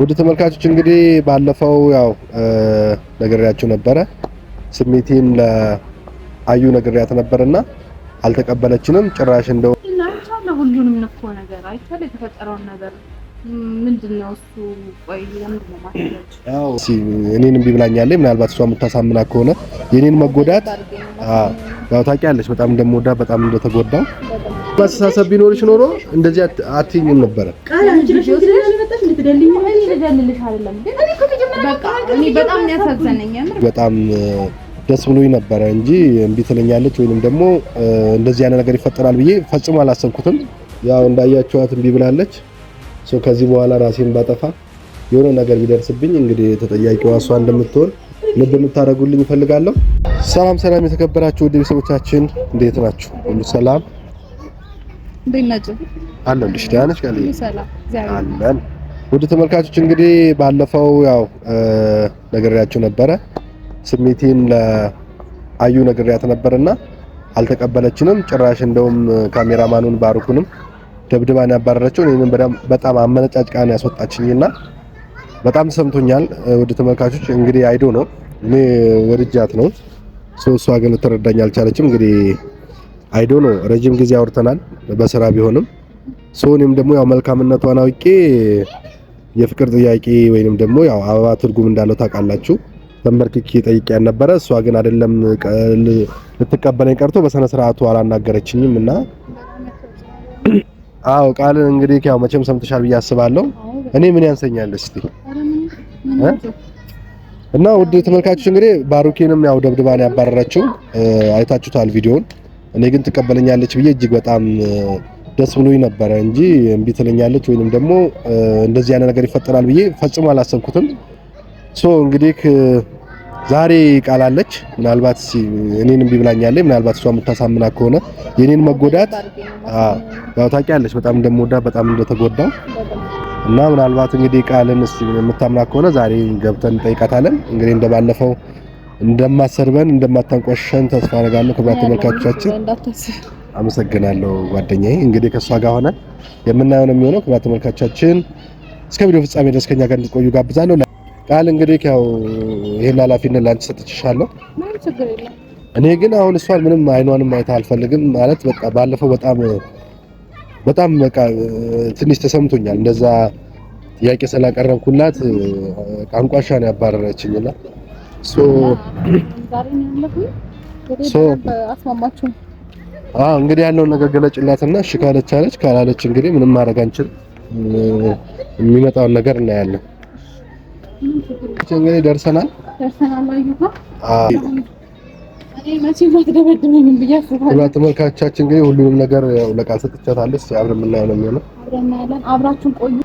ውድ ተመልካቾች እንግዲህ ባለፈው ያው ነግሬያችሁ ነበረ። ስሜቴን ለአዩ ነግሬያት ነበርና አልተቀበለችንም። ጭራሽ እንደው ሁሉንም ነገር አይቻለ የተፈጠረውን ነገር እኔንም ቢብላኛለ ምናልባት እሷ የምታሳምና ከሆነ የኔን መጎዳት ያው ታውቂያለሽ፣ በጣም እንደምወዳ በጣም እንደተጎዳ አስተሳሰብ ቢኖርሽ ኖሮ እንደዚህ አትይኝም ነበረ። በጣም ደስ ብሎኝ ነበረ እንጂ እምቢ ትለኛለች ወይንም ደግሞ እንደዚህ ያለ ነገር ይፈጠራል ብዬ ፈጽሞ አላሰብኩትም። ያው እንዳያቸዋት እምቢ ብላለች። ከዚህ በኋላ ራሴን ባጠፋ የሆነ ነገር ቢደርስብኝ እንግዲህ ተጠያቂዋ እሷ እንደምትሆን ልብ እንድታደርጉልኝ እፈልጋለሁ። ሰላም ሰላም፣ የተከበራችሁ ውድ ቤተሰቦቻችን እንዴት ናችሁ? ሁሉ ሰላም አለሁልሽ። ደህና ነሽ? አለን። ውድ ተመልካቾች እንግዲህ ባለፈው ያው ነግሬያችሁ ነበረ፣ ስሜቴን ለአዩ ነግሬያት ነበርና አልተቀበለችንም። ጭራሽ እንደውም ካሜራማኑን ባርኩንም ደብድባን ያባረረችው እኔንም በጣም አመነጫጭቃ ነው ያስወጣችኝና በጣም ሰምቶኛል። ወደ ተመልካቾች እንግዲህ አይዶ ነው እኔ ወድጃት ነው ሰው እሷ ግን ልትረዳኝ አልቻለችም። እንግዲህ አይዶ ነው ረጅም ጊዜ አውርተናል በስራ ቢሆንም ሰው እኔም ደግሞ ያው መልካምነቷን አውቄ የፍቅር ጥያቄ ወይንም ደግሞ ያው አበባ ትርጉም እንዳለው ታውቃላችሁ ተንበርክኬ ጠይቄ ያልነበረ እሷ ግን አይደለም ልትቀበለኝ ቀርቶ በስነ ስርዓቱ አላናገረችኝም እና አዎ ቃልን እንግዲህ ያው መቼም ሰምተሻል ብዬ አስባለሁ። እኔ ምን ያንሰኛል እስቲ እና ውድ ተመልካቾች እንግዲህ ባሩኬንም ያው ደብድባን ያባረረችው አይታችሁታል ቪዲዮን። እኔ ግን ትቀበለኛለች ብዬ እጅግ በጣም ደስ ብሎኝ ነበረ እንጂ እምቢ ትለኛለች ወይንም ደግሞ እንደዚህ ያለ ነገር ይፈጠራል ብዬ ፈጽሞ አላሰብኩትም። ሶ እንግዲህ ዛሬ ቃላለች ምናልባት እኔን እምቢ ብላኛለች። ምናልባት እሷ የምታሳምና ከሆነ የኔን መጎዳት ያው ታውቂያለች፣ በጣም እንደምወዳ በጣም እንደተጎዳ እና ምናልባት እንግዲህ ቃልን የምታምና ከሆነ ዛሬ ገብተን እንጠይቃታለን። እንግዲህ እንደባለፈው እንደማሰርበን እንደማታንቆሸን ተስፋ አደርጋለሁ። ክብራት ተመልካቾቻችን አመሰግናለሁ ጓደኛዬ። እንግዲህ ከእሷ ጋር ሆነን የምናየው ነው የሚሆነው። ክብራት ተመልካቾቻችን እስከ ቪዲዮ ፍጻሜ ድረስ ከኛ ጋር እንድትቆዩ ጋብዛለሁ። ቃል እንግዲህ ያው ይሄን ኃላፊነት ላንቺ ሰጥቼሻለሁ። እኔ ግን አሁን እሷን ምንም አይኗን ማየት አልፈልግም። ማለት በቃ ባለፈው በጣም በጣም በቃ ትንሽ ተሰምቶኛል። እንደዛ ጥያቄ ስላቀረብኩላት አንቋሻ ያባረረችኝና ሶ ሶ አዎ እንግዲህ ያለውን ነገር ገለጭላትና እሺ ካለች አለች፣ ካላለች እንግዲህ ምንም ማድረግ አንችልም። የሚመጣውን ነገር እናያለን። እንግዲህ ደርሰናል ደርሰናል አይ ተመልካቻችን እንግዲህ ሁሉንም ነገር ያው ለቃል ሰጥቻታለች። አብረን የምናየው ነው የሚሆነው። አብራችሁን ቆዩ።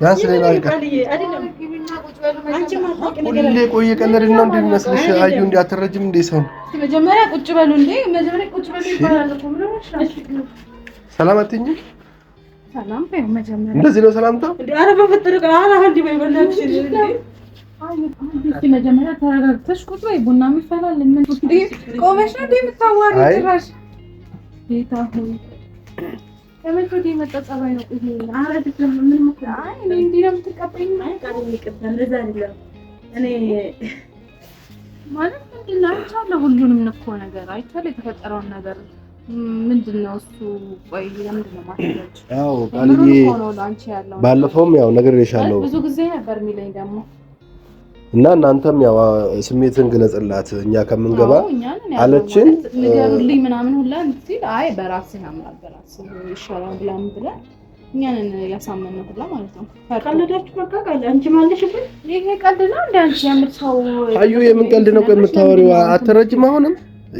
ቢያንስ ሌላ ይቀር። ሁሌ ቆይ የቀለድን ነው እንደሚመስልሽ? አዩ እንዴ አትረጅም እንዴ? ሰው መጀመሪያ ቁጭ በሉ እንዴ! መጀመሪያ ቁጭ በሉ ይባላል ሰላም አትይኝ። እንደዚህ ነው ሰላምታ ኧረ በፈጠረቀ አላ አንዲ በይ በእናትሽ መጀመሪያ ተረጋግተሽ ቁጭ በይ። ቡና ይፈላል። ቆመሽ ነው እንዴ የምታዋሪው? ጭራሽ ጌታ ሆይ ከመቼ የመጣ ጸባይ ነው? አይ ነው ቃል የሚቀበል አይደለም። እኔ ማለት ምንድን ነው አይቻለሁ፣ ሁሉንም እኮ ነገር አይቻለሁ፣ የተፈጠረውን ነገር ምንድን ነው እሱ? ቆይ ለምንድን ነው ያው ብዙ ጊዜ ነበር የሚለኝ ደግሞ እና እናንተም ያው ስሜትን ግለጽላት እኛ ከምንገባ አለችን ንገሩልኝ ምናምን ሁላ እንትን አይ በራስህ አምናል በራስህ ይሻላል ብላም ብላ እኛንን ያሳመነው ሁላ ማለት ነው። ቀልዳችሁ በቃ ቀልድ አንቺ ማለሽብን ይሄ ቀልድ ነው እንደ አንቺ የምትሰው አዩ የምን ቀልድ ነው የምታወሪው አትረጅም። አሁንም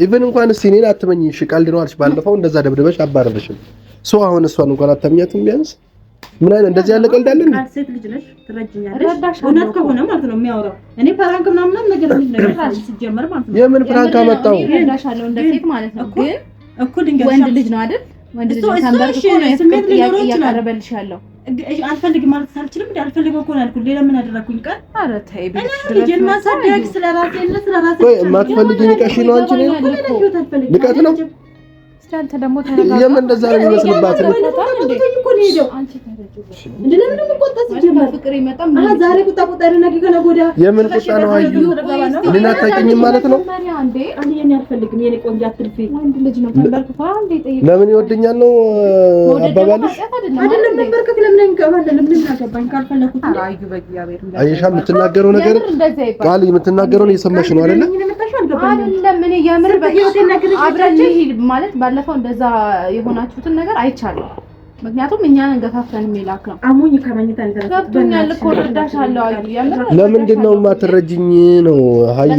ኢቨን እንኳን እስቲ እኔን አትመኝ እሺ ቀልድ ነው አልሽ። ባለፈው እንደዛ ደብድበሽ አባረርሽም። ሶ አሁን እሷን እንኳን አታምኛትም ቢያንስ ምን አይነት እንደዚህ ያለ ቀልድ አለ? ሴት ልጅ ነሽ፣ ትረጅኛለሽ። እውነት ከሆነ ማለት ነው የሚያወራው። እኔ ፕራንክ ምናምን ነገር ምን ነገር ሲጀመር ማለት ነው የምን ፕራንክ አመጣው? እረዳሻለሁ፣ እንደ ሴት ማለት ነው። ግን እኩል ወንድ ልጅ ነው አይደል? ወንድ ልጅ ተንበርክኮ ነው እያቀረበልሽ ያለው። አልፈልግም ማለት አልችልም። እንደ አልፈልግም እኮ ነው ያልኩት። ሌላ ምን አደረኩኝ? ቀን ኧረ ተይ ቤት ልጅን ማሳደግ ስለራሴ ነው ስለራሴ ነው። የማትፈልጊኝ ንቀሽ ነው አንቺ ነው ንቀት ነው። አንተ ደግሞ ተረጋጋ። የምን እንደዛ ነው የሚመስልባት ነው የምን ቁጣ ነው? አዩ እኔን አታውቂኝም ማለት ነው? ለምን ይወደኛል ነው አባባልሽ? አየሻ የምትናገረው ነገር ቃል ነው እየሰማሽ ነው አይደለ? አይደለም እኔ የምር አብረን ይሄድ ማለት ባለፈው እንደዛ የሆናችሁትን ነገር አይቻለሁ። ምክንያቱም እኛ ገፋፈን የሚላክ ነው። አሞኝ ከመኝታ ገብቶኛል እኮ እረዳሻለሁ። አዩ ለምንድን ነው የማትረጅኝ? ነው ሀዩ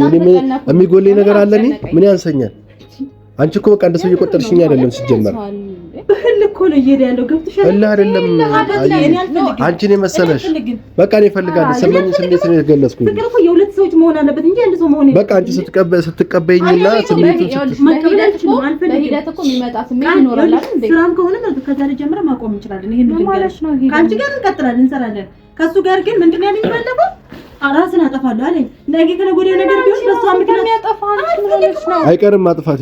የሚጎለኝ ነገር አለ። እኔ ምን ያንሰኛል? አንቺ እኮ በቃ እንደሰው እየቆጠርሽኝ አይደለም ሲጀመር እኮ ነው እየሄደ ያለው ገብተሻል። እልህ አይደለም አንቺን የመሰለሽ በቃ እኔ እፈልጋለሁ። የተሰማኝ ስሜት ነው የገለጽኩት። ፍቅር እኮ የሁለት ሰዎች መሆን አለበት እንጂ አንድ ሰው መሆን በቃ አንቺ ስትቀበይኝና ስሜት ስራም ከሆነ ከዛሬ ጀምረን ማቆም እንችላለን። ይሄን ከአንቺ ጋር እንቀጥላለን፣ እንሰራለን። ከእሱ ጋር ግን ምንድን ነው ያለኝ ባለፈው ራስን አጠፋለሁ አለኝ። ነገ ከነገ ወዲያ ነገር ቢሆን በእሷ ምክንያት አይቀርም ማጥፋት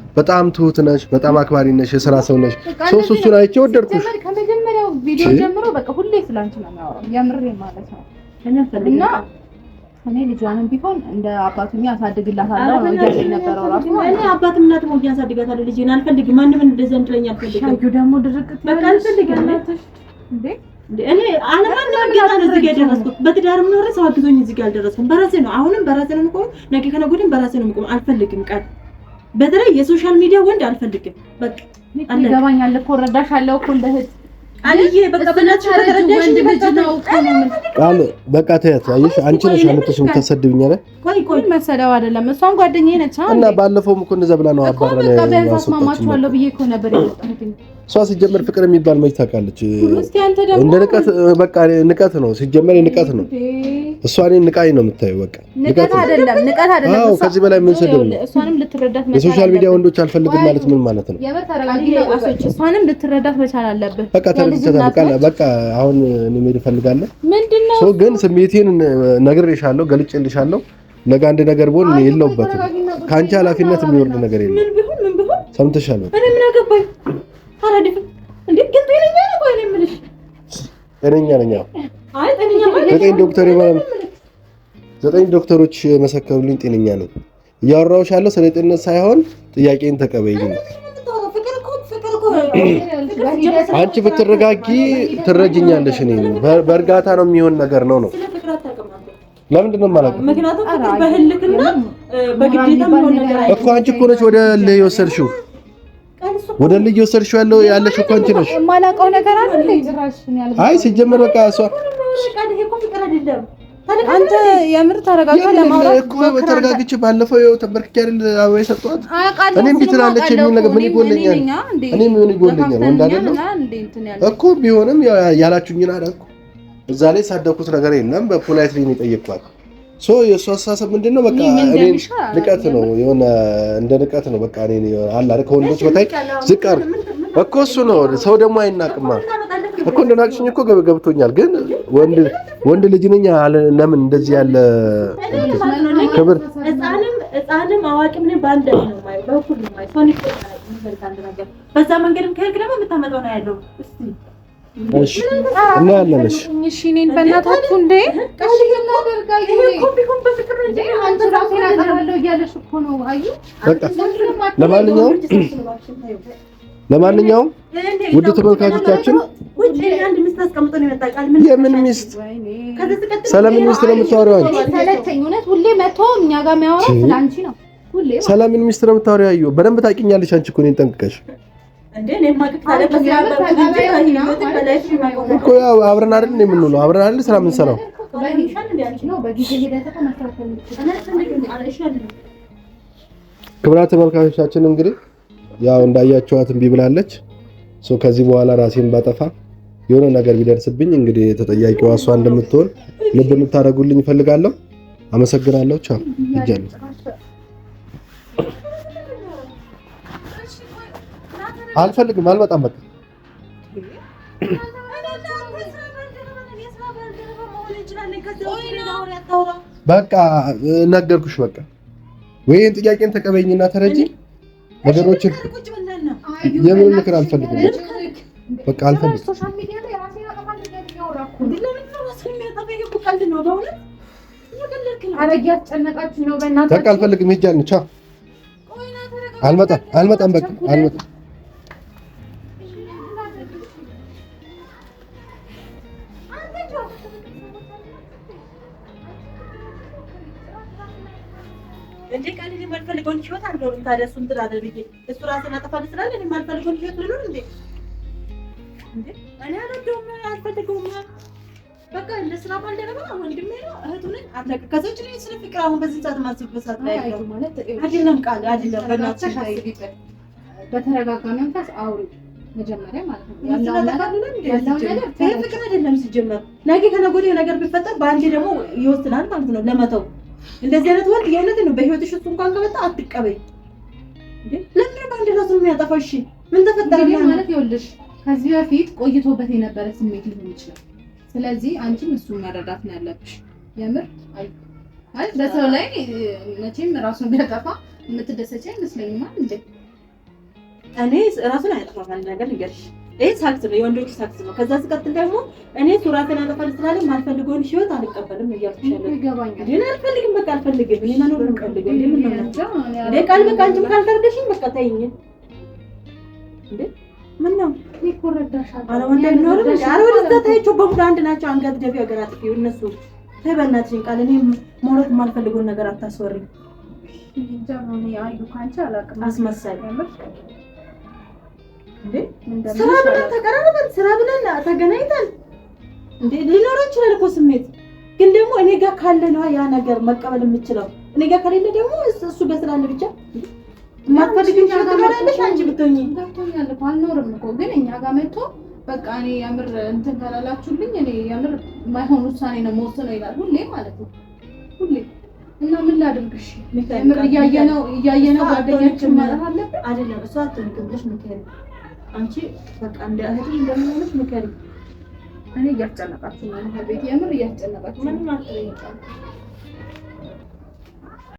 በጣም ትሁት ነሽ፣ በጣም አክባሪ ነሽ፣ የሥራ ሰው ነሽ። ሶስ እሱን አይቼ ወደድኩሽ። ከመጀመሪያው ቪዲዮ ጀምሮ በቃ ሁሌ ስላንቺ ነው የሚያወራው፣ የምሬ ማለት ነው። እና እኔ ልጇንም ቢሆን እንደ አባቱኛ አሳድግላታለሁ ነው እያለኝ ነበረው ራሱ። እኔ አባትም እናትም ወዲያ አሳድጋታለሁ። ልጄን አልፈልግም፣ ማንም እንደዛ እንድለኝ አልፈልግም። ሻዩ ደግሞ ድርቅ በቃ አልፈልግም እንዴ እኔ አለማንም ጌታ ነው እዚህ ጋር ያደረስኩት። በትዳርም ኖሬ ሰው አግዞኝ እዚህ ጋር ያልደረስኩም በራሴ ነው። አሁንም በራሴ ነው የምቆም፣ ነገ ከነገ ወዲያም በራሴ ነው የምቆም። አልፈልግም ቀን በተለይ የሶሻል ሚዲያ ወንድ አልፈልግም። በቃ ይገባኛል እኮ እረዳሻለሁ እኮ እንደ እህት አንዬ በቃ በእናትሽ ከተረዳሽ ልጅ ነው ቃል በቃ ተያት። አየሽ አንቺ ነሽ አመጣሽ የምታሰድብኝ አለ። ቆይ ቆይ መሰደብ አይደለም እሷም ጓደኛዬ ነች እና ባለፈውም እኮ እንደዛ ብላ ነው አባራ ላይ ያሰማማችኋለሁ ብዬ እኮ ነበር የመጣሁት እሷ ሲጀመር ፍቅር የሚባል መች ታውቃለች? እንደ ንቀት በቃ ንቀት ነው ሲጀመር፣ ንቀት ነው። እሷ እኔን ንቃኝ ነው የምታየው። በቃ ንቀት አይደለም፣ ንቀት አይደለም። አዎ ከዚህ በላይ ምን ስድብ ነው? የሶሻል ሚዲያ ወንዶች አልፈልግም ማለት ምን ማለት ነው? እሷንም ልትረዳት መቻል አለብህ። በቃ ተረድቻታለሁ። በቃ አሁን እኔ መሄድ እፈልጋለሁ። ምንድነው ግን ስሜቴን ነግሬሻለሁ፣ ገልጬልሻለሁ። ነገ አንድ ነገር ብሆን እኔ የለሁበትም። ከአንቺ ኃላፊነት የሚወርድ ነገር የለም። ሰምተሻል? በቃ እኔ ምን አገባኝ ታረድፍም ነኝ። ዘጠኝ ዶክተር ዘጠኝ ዶክተሮች መሰከሩልኝ ጤነኛ ነኝ። እያወራሁሽ ያለው ስለ ጤንነት ሳይሆን ጥያቄን ተቀበይልኝ። አንቺ ብትረጋጊ ትረጅኛለሽ። እኔ በእርጋታ ነው የሚሆን ነገር ነው ነው ለምንድን ነው ምክንያቱም በህልክና በግዴታ ነገር አይደለም እኮ አንቺ እኮ ነች ወደ ልህ የወሰድሽው ወደ ልጅ ወሰድሽው ያለው ያለሽ እኮ አንቺ ነሽ። የማላውቀው ነገር አይደል? አይ ሲጀመር በቃ እሷ አንተ የምር ተረጋግተህ ለማውራት እኮ ተረጋግቼ ባለፈው ይኸው ተንበርክኬ አይደል አበባ የሰጠኋት። እኔ እምቢ የሚል ነገር ምን ይጎለኛል? እኔ ምን ይጎለኛል? ወንድ አይደለም እኮ ቢሆንም ያላችሁኝን አላልኩም። እዛ ላይ ሳደኩት ነገር የለም። በፖላይት ላይ ነው የጠየቅኳት ሶ የእሱ አስተሳሰብ ምንድን ነው? በቃ እኔን ንቀት ነው የሆነ እንደ ንቀት ነው። በቃ እኔን አለ አይደል ከወንዶች በታይ ዝቃር አድርግ እኮ እሱ ነው። ሰው ደግሞ አይናቅማ እኮ እንደናቅሽኝ እኮ ገብቶኛል፣ ግን ወንድ ወንድ ልጅ ነኝ አለ። ለምን እንደዚህ ያለ ክብር ህፃንም አዋቂም ላይ በአንድ ላይ ነው በኩል ነው። በዛ መንገድም ከሄድክ ደግሞ የምታመጣው ነው ያለው እስቲ እሺ እና ያለነሽ እሺ እኔን በእናታችሁ እንዴ ለማንኛውም ለማንኛውም ውድ ተመልካቾቻችን የምን ሚስት ሰለምን ሚስት ነው የምታወሪው አንቺ ሁሌ መቶ እኛ ጋር የሚያወራው ስለ አንቺ ነው ሰለምን ሚስት ነው የምታወሪው በደንብ ታውቂኛለሽ አንቺ እኮ እኔን ጠንቅቀሽ አብረን አይደል እንደ የምንውለው አብረን አይደል ስራ የምንሰራው። ክብራት ተመልካቾቻችን እንግዲህ ያው እንዳያችኋት እምቢ ብላለች። ከዚህ በኋላ ራሴን ባጠፋ የሆነ ነገር ቢደርስብኝ እንግዲህ ተጠያቂዋ እሷ እንደምትሆን ልብ እንድታደርጉልኝ እፈልጋለሁ። አመሰግናለሁ። ቻው። አልፈልግም፣ አልመጣም። በቃ በቃ ነገርኩሽ። በቃ ወይን ጥያቄን ተቀበይኝና ተረጂ ነገሮችን የምን ምክር አልፈልግም። በቃ አልፈልግም። በቃ አልፈልግም። ሂጅ አልመጣም፣ አልመጣም፣ በቃ አልመጣም እንዴ ቃል እኔ የማልፈልገውን ህይወት አልኖርም። ታዲያ እሱ እንትን አለ ብዬ እሱ ራሱ አጠፋል ስላለ እኔ የማልፈልገውን ህይወት ልኖር እንዴ? እንዴ እኔ አልወደውም፣ አልፈልገውም። በቃ እንደ ስራ ባልደረባ ወንድሜ ነው፣ እህቱ ነኝ። አለቀ። ከዛ ውጭ ስለ ፍቅር አሁን በዚህ ሰዓት ማስብበት ሰዓት ላይ አይደለም። ቃል አይደለም። በእናትሽ በተረጋጋ መንፈስ አውሪ መጀመሪያ ነገር ፍቅር አይደለም ሲጀመር። ነገ ከነገ ወዲያ ነገር ቢፈጠር በአንዴ ደግሞ ይወስናል ማለት ነው ለመተው። እንደዚህ አይነት ወንድ የእውነት ነው በህይወትሽ እሱ እንኳን ከመጣ አትቀበይ። ለምን በአንዴ ራሱን የሚያጠፋው? እሺ ምን ተፈጠረ ማለት ይኸውልሽ፣ ከዚህ በፊት ቆይቶበት የነበረ ስሜት ሊሆን ይችላል። ስለዚህ አንቺም እሱ መረዳት ነው ያለብሽ። የምር በሰው ላይ መቼም ራሱን ቢያጠፋ የምትደሰች አይመስለኝም እንዴ እኔ ራሱን አያጠፋም አለ ነገር ንገርሽ። ይሄ ሳክስ ነው፣ የወንዶች ሳክስ ነው። ከዛ ስቀጥል ደግሞ እኔ ሱራትን ያጠፋል ስላለ ማልፈልገውን ህይወት አልቀበልም እያልኩሻለሁ። አልፈልግም፣ በቃ አልፈልግም። እኔ መኖር ነው ቃል በቃ አንቺም ካልተረዳሽኝ በቃ ተይኝ። ምን ነው ይቆረዳሻል? ወደዛ በሙሉ አንድ ናቸው። አንገት ደቢ እነሱ ተይ፣ በእናትሽን ቃል እኔ መውረት የማልፈልገውን ነገር አታስወሪ። አስመሳይ ስራ ብለን ተቀራርበን ስራ ብለን ተገናኝተን ሊኖረው ይችላል እኮ ስሜት። ግን ደግሞ እኔ ጋር ካለ ነዋ ያ ነገር መቀበል የምችለው። እኔ ጋር ከሌለ ደግሞ እሱ ጋር ስላለ ብቻ አልኖርም እኮ ግን እኛ ጋር መጥቶ በቃ እኔ የምር እንትን ካላላችሁልኝ እኔ የምር የማይሆን ውሳኔ ነው መወስነው ይላል ሁሌ ማለት ነው ሁሌ እና ምን ላድርግሽ? እያየነው እያየነው ጓደኛችን ማለት አለብን አይደለም እሷ ትንቅልሽ ምክንያት አንቺ በቃ እንደ እህቴ እንደምንሆንሽ ምከሪ። እኔ እያስጨነቃችሁ ነው። ቤት የምር እያስጨነቃችሁ ምንም አትለኝም።